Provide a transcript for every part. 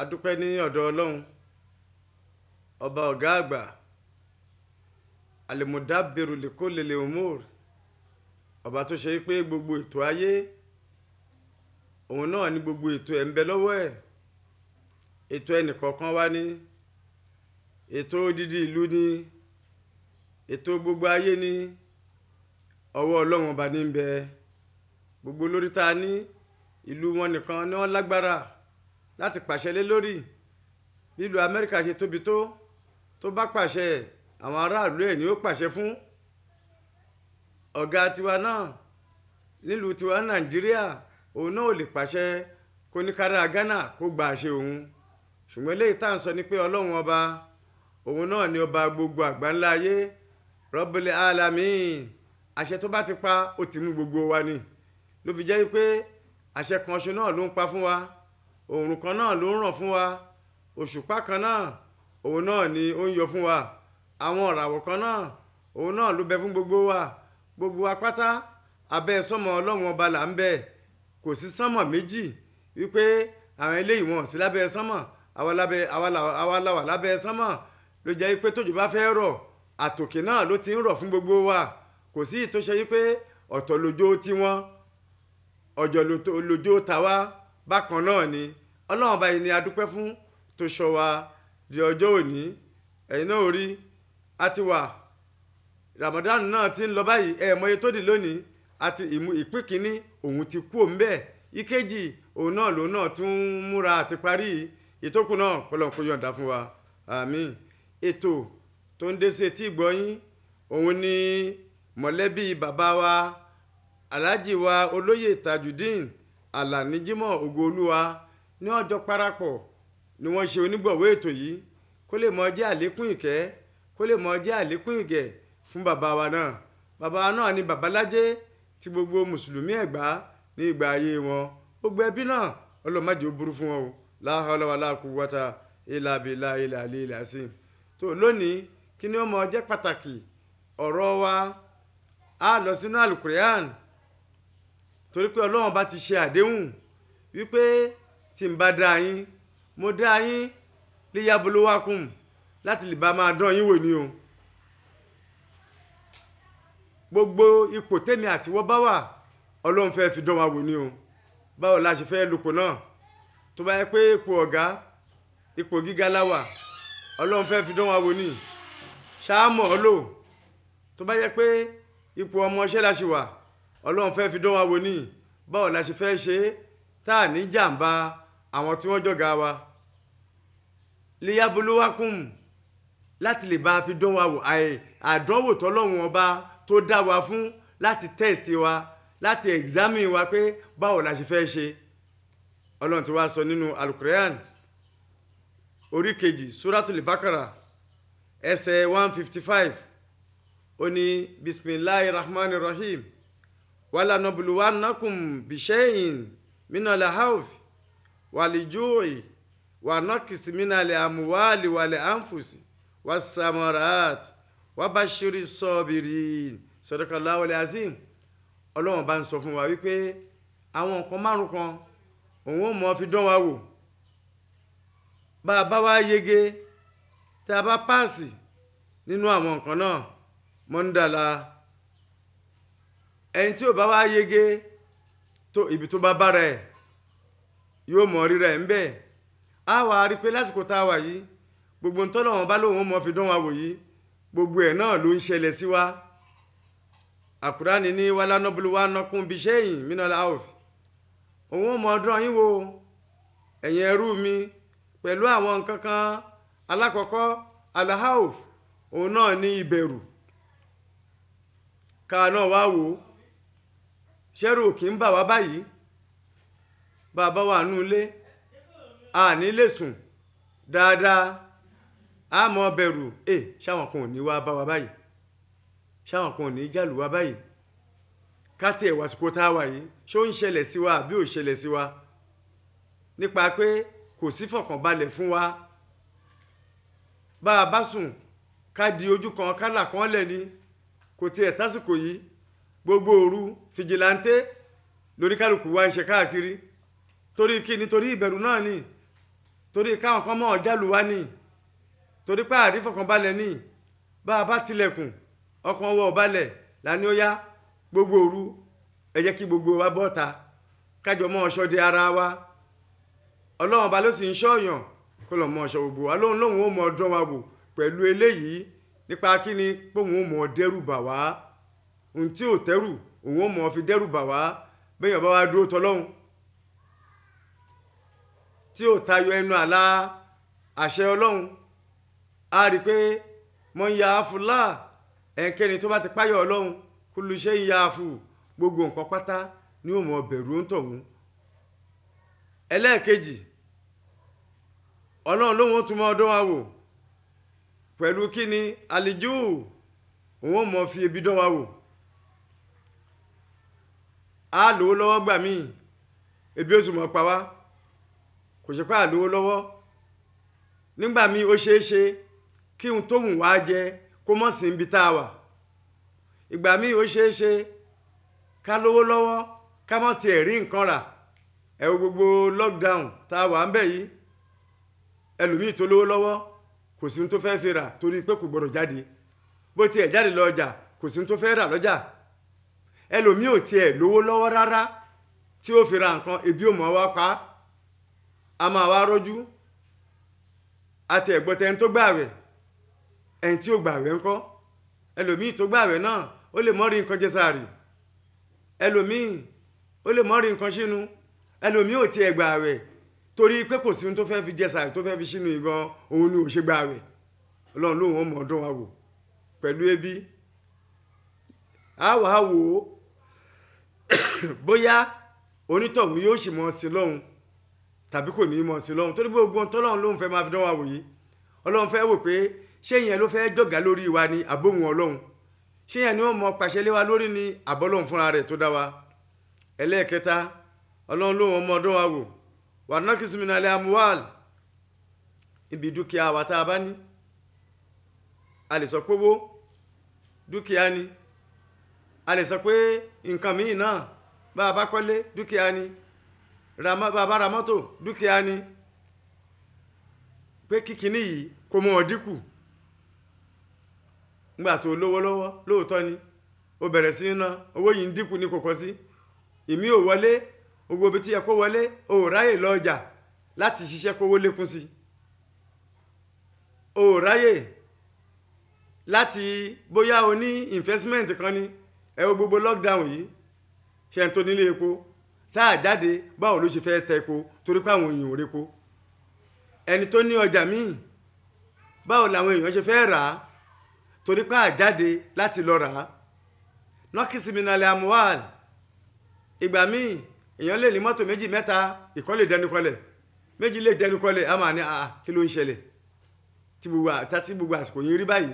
adúpẹ́ ní ọ̀dọ̀ ọlọ́run ọba ọ̀gá àgbà alimuda beruleko lele umur ọba tó ṣe pé gbogbo ètò ayé òun náà ni gbogbo ètò ẹ̀ ń bẹ lọ́wọ́ ẹ̀ ètò ẹnìkọ̀ọ̀kan wá ní ètò odidi ìlú ní ètò gbogbo ayé ní ọwọ́ ọlọ́run ọba ní ń bẹ gbogbo lórí ta ní ìlú wọn nìkan ni wọ́n lágbára láti pàṣẹ lé lórí bílùú amẹ́ríkà ṣe tóbi tó tó bá pàṣẹ àwọn aráàlú ẹ̀ ni ó pàṣẹ fún ọ̀gá tiwa náà nílùú tiwa nàìjíríà òun náà ò lè pàṣẹ kó ghana kó gba àṣẹ òun ṣùgbọ́n eléyìí tá à ń sọ ni pé ọlọ́run ọba òun náà ni ọba gbogbo àgbáńlá ayé Rabbil alamin àṣẹ tó bá ti pa ó ti mú gbogbo wa ni ló fi jẹ́ pé àṣẹ kan ṣo náà ló ń pa fún wa oòrùn kan náà ló ń ràn fún wa òṣùpá kan náà òun náà ni ó ń yọ fún wa àwọn ìràwọ̀ kan náà òun náà ló bẹ fún gbogbo wa gbogbo wa pátá abẹ́ sọ́mọ ọlọ́run ọba là ń bẹ kò sí sánmọ̀ méjì wípé àwọn eléyìí wọn sí lábẹ́ sánmọ̀ àwa la wà lábẹ́ sánmọ̀ ló jẹ́ wípé tójò bá fẹ́ rọ̀ àtòkè náà ló ti ń rọ̀ fún gbogbo wa kò sí ìtòṣe wípé ọ̀tọ̀ lójó tiwọn ọ̀jọ̀ lójó tàwa bákan náà ni ọlọ́run báyìí ni a dúpẹ́ fún tó wa di ọjọ́ òní ẹ̀yin náà rí a wà Ramadan náà ti ń lọ báyìí ẹ̀ẹ̀mọye tó di lónìí àti ìpín kínní òun ti kú òun bẹ́ẹ̀ ìkejì òun náà lòun náà tún ń múra àti parí ìtókù náà kọlọ́nkó yọ̀ǹda fún wa àmín ètò tó ń dé sí etí ìgbọ́yín òun ni mọ̀lẹ́bí bàbá wa alhaji wa olóyè tajudeen alani jimoh ògoolúwa ní ọjọ́ parapọ̀ ni wọ́n ṣe onígbọ̀wọ́ ètò yìí kó lè mọ jẹ́ àlékún ìkẹ́ kó lè mọ jẹ́ àlékún ìgẹ̀ fún bàbá wa náà bàbá wa náà ni babalájé tí gbogbo mùsùlùmí ẹ̀gbá ní ìgbà ayé wọn gbogbo ẹbí náà ọlọ́mọdé ó burú fún wọn o láhọ́lọ́wọ́ aláàkúwọ́ta ìlàbílà ìlàlẹ́ ìlàsí tó lónìí kí ni ó mọ jẹ́ pàtàkì ọ̀rọ̀ wa a lọ sínú alukur'an torí pé ọlọ́run bá ti ṣe àdéhùn wípé tí n bá dá yín mo dá yín léyàbólówákùn láti lè bá máa dán yín wò ni o gbogbo ipò tèmi àtiwọ́ bá wà ọlọ́run fẹ́ fi dán wa wò ni o báwo la ṣe fẹ́ lupò náà tó bá yẹ pé ipò ọ̀gá ipò gíga la ọlọ́run fẹ́ fi dán wa wò ni ṣáà mọ̀ ọ́ lò tó bá yẹ pé ipò ọmọọṣẹ́ la ṣì wà ọlọ́run fẹ́ fi dán wa wò ní báwo la ṣe fẹ́ ṣe é tá à ní jàǹbá àwọn tí wọ́n jọ̀gá wa liyabuluwakum láti lè bá a fi dán wa wò àyè àdánwò tọ́lọ́run ọba tó dá wa fún láti test wa láti examine wa pé báwo la ṣe fẹ́ ṣe ọlọ́run ti wá sọ nínú alukorean orí kejì suratul bakara ẹsẹ̀ one fifty five ó ní bismillahir rahmanir rahim wala nabluwannakum bishayin minal hawfi walijui wa nakisi minal amwali wal anfusi wasamarat wabashiri sọbìrì sadakallahu al-azim ọlọ́run bá ń sọ fún wa wípé àwọn nǹkan márùn kan òun ò mọ fi dán wa wò bá a bá wá yege tá a bá páàsì nínú àwọn nǹkan náà mọ́ńdàlá ẹni tí ò bá wá yege tó ibi tó bá bára ẹ̀ yóò mọ rírà ẹ̀ ń bẹ́ẹ̀ wà á rí i pé lásìkò tá a wà yìí gbogbo ń wọn bá lóun mọ̀ fi dán wa wò yìí gbogbo ẹ̀ náà ló ń ṣẹlẹ̀ sí wa àkùránì ní wàlánàbùlù wa nọkùn bíi sẹ́yìn mínà láòfì òun ò mọ ọdún yín wo ẹ̀yin ẹrú mi pẹ̀lú àwọn nǹkan kan alákọ̀ọ́kọ́ alahauf òun náà ní ìbẹ̀rù ká náà wá wò ó ṣẹ́rù òkì ń bà wá báyìí bàbá wa nù ilé a ní lè sùn dáadáa a mọ̀ bẹ̀rù ẹ ṣáwọn kan ò ní wá bá wa báyìí ṣáwọn kan ò ní jàlù wa báyìí káàtì ẹ̀wà àsìkò tá a wà yìí ṣó ń ṣẹlẹ̀ sí wa àbí ò ṣẹlẹ̀ sí wa nípa pé kò sí fọ̀kànbalẹ̀ fún wa bá a bá sùn ká di ojú kan kálà kan lẹ̀ ni kò tiẹ̀ tásìkò yìí gbogbo òru fìjìláńtẹ lórí kálukú wa ń ṣe káàkiri torí kí nítorí ìbẹ̀rù náà ni torí káwọn kan mọ̀ ọ̀jálù wa ni torí pé àrífọkànbalẹ̀ ni bá a bá tilẹ̀kùn ọkàn wọ ọ̀balẹ̀ lání ó yá gbogbo òru ẹ jẹ́ kí gbogbo wa bọ́ ta kájọ mọ́ ọṣọ de ara wa ọlọ́run ọba ló sì ń ṣọ́ọ̀yàn kó lọ́ọ́ mọ ọṣọ gbogbo wa lóhun lóhun ó mọ ọdún wa wò pẹ̀lú eléyìí nípa kí ni póhùn ó mọ ọdẹ́rù bà wá ohun tí ò tẹ́rù òun ò mọ̀ fi dẹ́rù bà wá bẹ́yàn bá wá dúró tọlọ́hun tí ò tayọ ẹnu àlá àṣẹ ọlọ́hun a rí i pé mọ̀ ń ya afúlá ẹnikẹ́ni tó bá ti páyọ̀ ọlọ́hun kó lu iṣẹ́ ń ya afù gbogbo nǹkan pátá ni ó mọ̀ bẹ̀rù ó ń tọ̀hún ẹlẹ́ẹ̀kejì ọlọ́run lóun ó tún mọ ọdún wa wò pẹ̀lú kí ni òun ó mọ̀ fi ebi dán wa wò. á lówó lọ́wọ́ gbà míì ebi oṣù mọ̀ pa kò ṣe pé àlówó lọ́wọ́ nígbà míì ó ṣeé ṣe kí n tó wùn wá jẹ kó mọ̀ sí ibi tá a wà ìgbà míì ó ká lówó lọ́wọ́ gbogbo lockdown tá a wà ń bẹ̀ yìí ẹlòmíì torí pé kò gbọdọ̀ jáde bó tiẹ̀ jáde rà lọ́jà ẹlòmíì ò tiẹ̀ lówó lọ́wọ́ rárá tí ó fi ra nǹkan ebi ò mọ̀ wá pa á máa wá rọ́jú àti ẹ̀gbọ́tẹ́ ẹni tó gbààwẹ̀ ẹni tí ò gbààwẹ̀ ńkọ́ ẹlòmíì tó gbààwẹ̀ náà ó lè mọ́ rí nǹkan jẹ sààrì ẹlòmíì ó lè mọ́ rí nǹkan sínú ẹlòmíì ò tiẹ̀ gbààwẹ̀ torí pé kò sí ohun tó fẹ́ fi jẹ sààrì tó fẹ́ fi sínú ìgan òun ni ò ṣe gbààwẹ̀ ọlọ́run lòun ó mọ̀ ọdún wa wò pẹ̀lú ebi a wà á wò ó bóyá onítọ̀hún yóò ṣì mọ̀ sí lọ́hùn tàbí kò ní mọ̀ sí lọ́hùn torí pé gbogbo ohun tọ́lọ́hún ló ń fẹ́ máa fi dán wa wò yìí ọlọ́run fẹ́ wò pé ṣé ìyẹn ló fẹ́ jọ̀gá lórí wa ni àbóhùn ọlọ́run ṣé ìyẹn ni wọ́n mọ pàṣẹ lé wa lórí ni àbọ́lọ́hún fúnra rẹ̀ tó dá wa ẹlẹ́ẹ̀kẹta ọlọ́run ló wọn ọdún wa wò wà nákìsímìnàlẹ́ amuwal ibi dúkìá wa tá a bá ní a lè sọ pé owó dúkìá ni a lè sọ pé nǹkan míì náà bá a bá kọ́lé dúkìá ni bá a bá ra mọ́tò dúkìá ni pé kíkiní yìí kò mọ̀ dínkù ngbà tó lówó yi lóòótọ́ ni ó bẹ̀rẹ̀ sí ná owó yìí ń dínkù ní kòkó sí lọ ọjà láti ṣiṣẹ́ kówó lékún sí ò ráyè láti bóyá o ní investment kan ni. ẹ wo gbogbo lockdown yìí ṣe ń tó nílé epo tá a jáde báwo ló ṣe fẹ́ tẹ epo torí pé àwọn èèyàn ò repo ẹni tó ní ọjà míì báwo làwọn èèyàn ṣe fẹ́ rà á torí pé a jáde láti lọ rà á nọ́kìsì mi nàlẹ́ ìgbà míì èèyàn lè ní mọ́tò méjì mẹ́ta ìkan lè dẹnu kọlẹ̀ méjì lè dẹnu kọlẹ̀ a máa ní a kí ló ń ṣẹlẹ̀ tí gbogbo àsìkò yìí rí báyìí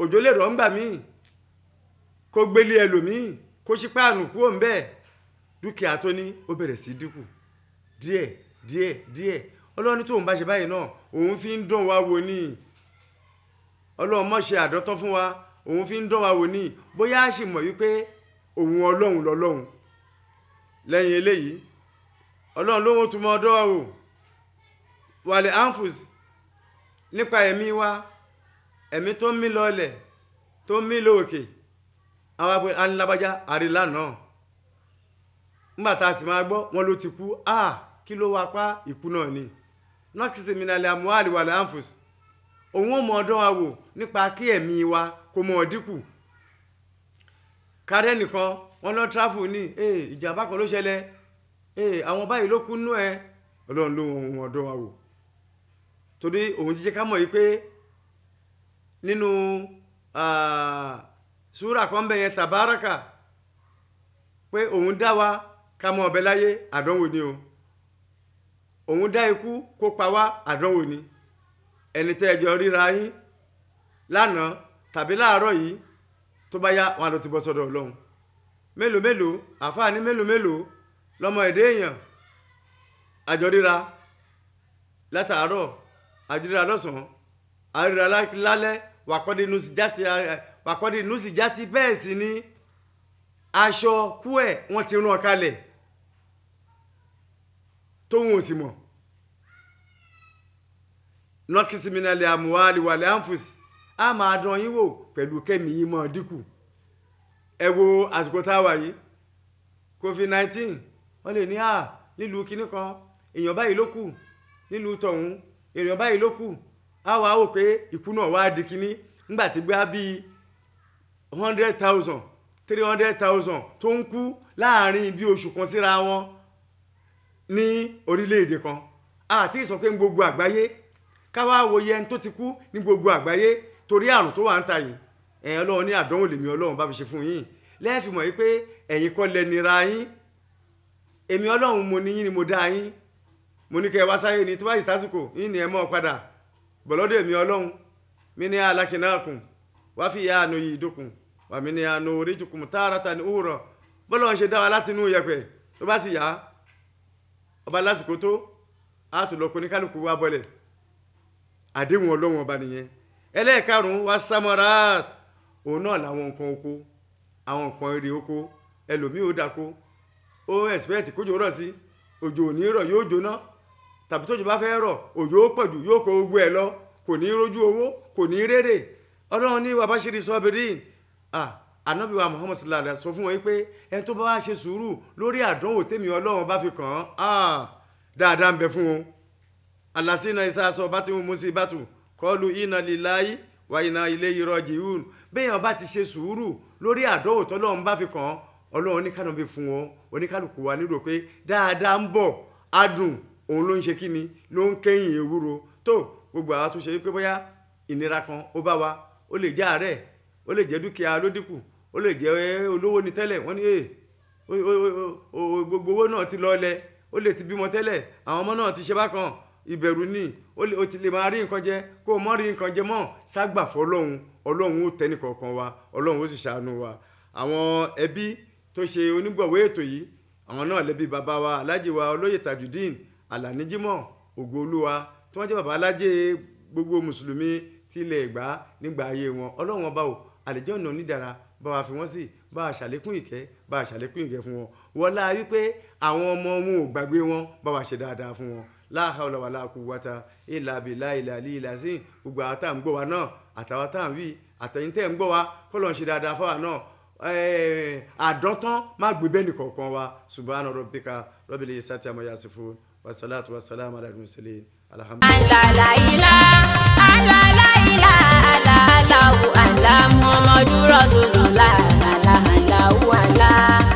òjò lè rọ̀ ńgbà míì kó gbélé ẹlòmíì kó ṣípá àrùn kúrò ń bẹ́ẹ̀ dúkìá tó ní ó bẹ̀rẹ̀ sí dínkù díẹ̀ díẹ̀ díẹ̀ ọlọ́run tóun bá ṣe báyìí náà òun fi ń dán wa wò ní ọlọ́run mọ̀ ṣe àdọ́tọ́ fún wa òun fi ń dán wa wò ní bóyá a sì mọ̀ wípé òun ọlọ́run lọ́lọ́run lẹ́yìn eléyìí ọlọ́run ló ń tún mọ́ ọdọ́ o wàlẹ̀ anfus nípa ẹ̀mí wa ẹ̀mí tó ń mí lọ ọlẹ̀ tó ń mí lọ òkè. Okay àwọn abúlé anilábájá àrílà náà nígbà tá a ti máa gbọ́ wọn ló ti kú a kí ló wá pa ìkú náà ni nọ́ọ̀kìsì mi nàlẹ́ wà láǹfọ̀sì òun ò mọ ọdọ́ wa wò nípa kí ẹ̀mí wa kò mọ ọdínkù kárẹ́ nìkan wọn lọ tráfù ní ìjàmbá kan ló ṣẹlẹ̀ àwọn báyìí ló kú nú ẹ ọlọ́run ló wọn ọdọ́ wa wò torí òun jíjẹ ká mọ̀ yìí pé nínú súrà kan bẹ̀ yẹn tàbáràkà pé òun dá wa ká mọ ọbẹ̀ láyé àdánwò ni o òun dá ikú kó pa wá àdánwò ni ẹni tẹ́ ẹ jọ ríra yín lánàá tàbí láàárọ̀ yìí tó bá yá wọn àlọ́ ti bọ́ sọ́dọ̀ ọlọ́run mélòó mélòó àfáàní mélòó mélòó lọ́mọ èdè èèyàn àjọríra látàárọ̀ àjọríra lọ́sàn-án àríra lálẹ́ wàkọ́dínú jáde pàkọ́dé nùsì já ti bẹ́ẹ̀ sí ní aṣọ kú ẹ̀ wọ́n ti rán kalẹ̀ tóun ò sì mọ̀ nọ́kìsìmínàlẹ̀ àmúhálì wàlẹ̀ àǹfùsì a máa dán yín wò pẹ̀lú kẹ́mi yín mọ́ dínkù ẹ wo àsìkò tá a wà yìí covid nineteen wọ́n lè ní à nílùú kinní kan èèyàn báyìí ló kù nílùú tọ̀hún èèyàn báyìí ló kù a wàá wò pé ìkú náà wá di kinní ńgbà tí gbá bíi hundred thousand three hundred thousand tó ń kú láàrin bí oṣù kan síra wọn ní orílẹ̀-èdè kan àti ìsọ pé ní gbogbo àgbáyé káwá wo yẹn tó ti kú ní gbogbo àgbáyé torí àrùn tó wà ń ta yìí ẹ̀yin ọlọ́run ní àdánwò lèmi ọlọ́run bá fi ṣe fún yín lẹ́ẹ̀fì mọ̀ wípé ẹ̀yin kọ́ lẹ́nira yín èmi ọlọ́run mo ní yín ni mo dá yín mo ní kẹ́ ẹ wá sáyé ni tó bá yìí tásìkò yín ni ẹ mọ́ ọ padà bọ̀lọ́dọ̀ èmi ọlọ́run mi ní alákìnnákùn wáfi ya nu yìí dúkùn wàmí ni àánú orí jùkùn tààràtà ní òwúrọ̀ bọ́lá ń ṣe dá wa láti inú yẹpẹ̀ tó bá sì yá ọba lásìkò tó a tún lọ kó ní kálukú wa bọ́lẹ̀ àdéhùn ọlọ́wọ́n ọba nìyẹn ẹlẹ́ẹ̀karùn-ún wa samara òun náà làwọn nǹkan oko àwọn nǹkan èrè oko ẹlòmíì ó dako ó ẹ̀sìpẹ́ẹ̀tì kójú rọ̀ sí òjò ò ní rọ̀ yóò jóná tàbí tójò bá fẹ́ rọ̀ òjò ó pọ̀jù yóò kó gbogbo ẹ̀ lọ kò ní rójú owó kò ní rérè ọlọ́run ní wàá bá ṣe sọ́bìrín ànábì wa muhammad sallallahu alayhi wa sọ fún wọn pé ẹni tó bá wá ṣe sùúrù lórí àdánwò tèmi ọlọ́run bá fi kàn án dáadáa ń bẹ fún wọn. alasina isa sọ bá ti mú sí ibàtú kọlu iná líláyé wà iná ilé irọ́ jìhún béèyàn bá ti ṣe sùúrù lórí àdánwò tọ́lọ́run bá fi kàn án ọlọ́run oníkànnàbí fún wọn oníkàlùkù wa nílò pé dáadáa ń bọ̀ adùn òun ló ń ṣe kíni ló ń kẹ́yìn ewúro tó gbogbo àwa tó ṣe wípé bóyá ìnira kan ó bá wa ó lè jẹ́ àárẹ̀ ó lè jẹ́ dúkìá ló dínkù ó lè jẹ́ olówó ni tẹ́lẹ̀ wọ́n ní ee gbogbo owó náà ti lọlẹ̀ ó lè ti bímọ tẹ́lẹ̀ àwọn ọmọ náà ti ṣe bákan ìbẹ̀rù ni ó ti lè máa rí nǹkan jẹ kó o mọ́ rí nǹkan jẹ mọ́ ságbà fọlọ́hún ọlọ́hún ó tẹ́ni kọ̀ọ̀kan wa ọlọ́hún ó sì ṣàánú wa àwọn ẹbí tó ṣe onígbọ̀wé ètò yìí àwọn náà lẹ́bi bàbá wa alájẹ wa olóyè tajudeen alani jimoh ògo olúwa tí wọ́n jẹ́ bàbá alájẹ gbogbo mùsùlùmí tí ilẹ̀ ìgbà nígbà ayé wọn ọlọ́run ọba ò àlejò ọ̀nà onídàra bá wa fi wọ́n sí bá a ṣàlékún ìkẹ́ bá a ṣàlékún ìkẹ́ fún wọn wọlá wípé àwọn ọmọ wọn gbàgbé wọn bá wa ṣe dáadáa fún wọn láàkà ọlọ́wà láàkú wata ìlà àbílà ìlà àlí ìlà sí gbogbo àwọn ń gbọ́ wa náà àtàwọn tá ń wí àtẹ̀yìn tẹ́ ń gbọ́ wa kọ́lọ́ ń ṣe dáadáa fáwa náà àdọ́tán má gbé bẹ́ẹ̀ nìkọ̀ọ̀kan wa subhana rabbika rabbil izzati amma yasifun wasalaatu wasalaamu ala al-mursalin alhamdulilayi àlá Muhammadu Rasulullah àlá àlá àlá.